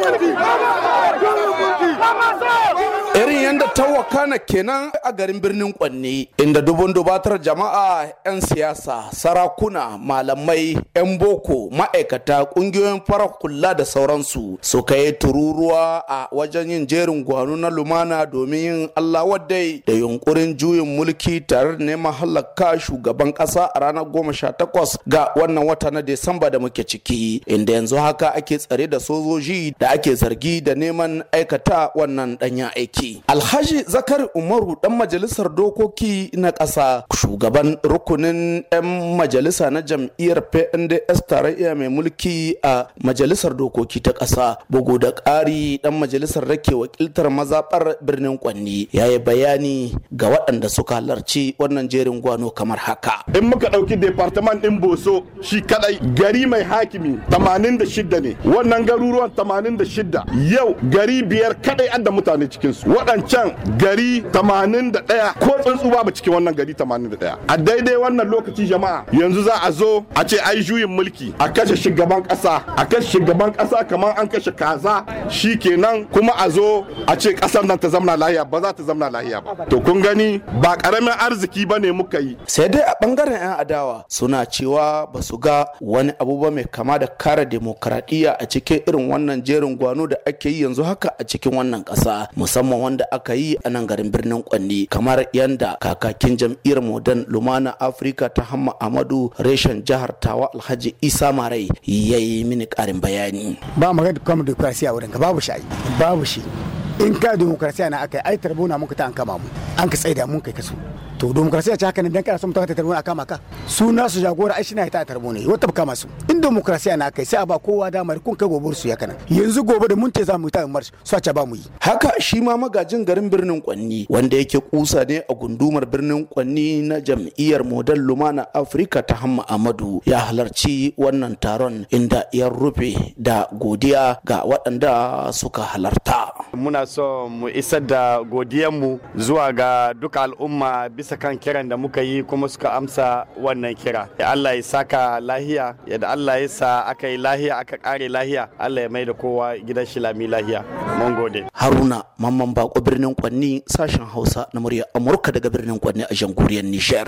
Modi! irin yadda tawakana kenan a garin birnin kwanne inda dubun dubatar jama'a 'yan siyasa sarakuna malamai 'yan boko ma'aikata kungiyoyin fara kula da sauransu su yi tururuwa a wajen yin jerin gwanu na lumana domin yin allah waddai da yunkurin juyin mulki tare da neman halakka shugaban kasa a ranar goma sha takwas ga wannan wata na desamba da muke ciki inda yanzu haka ake tsare da sojoji da ake zargi da neman aikata wannan danya aiki Alhaji Zakar Umaru dan majalisar dokoki na ƙasa shugaban rukunin 'yan majalisa na jam'iyyar PNDS tarayya mai mulki a majalisar dokoki ta ƙasa bugu da ƙari dan majalisar rake wakiltar mazaɓar birnin Kwanni ya yi bayani ga waɗanda suka halarci wannan jerin gwano kamar haka. In muka ɗauki department ɗin Boso shi kaɗai gari mai hakimi 86 ne wannan garuruwan 86 yau gari biyar kaɗai an da mutane cikinsu waɗancan gari 81 ko tsuntsu babu cikin wannan gari 81 a daidai wannan lokaci jama'a yanzu za a zo a ce ai juyin mulki a kashe shugaban ƙasa a kashe shugaban ƙasa kamar an kashe kaza shi kenan kuma a zo a ce ƙasar nan ta zamna lahiya ba za ta zamna lahiya ba to kun gani ba ƙaramin arziki ba ne muka yi sai dai a ɓangaren 'yan adawa suna cewa ba su ga wani abu ba mai kama da kare demokradiyya a cikin irin wannan jerin gwano da ake yi yanzu haka a cikin wannan ƙasa musamman wanda aka yi a nan garin birnin Kwanni kamar yanda kakakin jam'iyyar Modern Lumana Africa ta Hamma Amadu reshen jihar Tawa Alhaji Isa Marai yayi mini karin bayani ba magana kwamitin wurin ka babu shi babu shi in ka demokrasiya na aka ai tarbuna muka ta an kama mu an ka tsaida mun kai kaso to demokrasiya ce haka ne dan kana son mutane ta tarbuna a kama ka su na su jagora ai shine ta tarbo ne wata kama su in demokrasiya na yi, sai a ba kowa damar kun kai gobar su ya kana yanzu gobe da mun ce za mu yi ta march su ce ba mu yi haka shi ma magajin garin birnin Kwanni wanda yake kusa ne a gundumar birnin Kwanni na jam'iyyar Model Lumana Africa ta Hamma Amadu ya halarci wannan taron inda ya rufe da godiya ga waɗanda suka halarta muna so mu isar da godiyanmu zuwa ga duka al'umma bisa kan kiran da muka yi kuma suka amsa wannan kira ya Allah ya saka lahiya da Allah ya sa aka yi lahiya aka kare lahiya Allah ya mai da kowa gidan shi lami lahiya mun gode Haruna mamman bako birnin Kwanni sashen Hausa na murya Amurka daga birnin Kwanni a jamhuriyar Nijar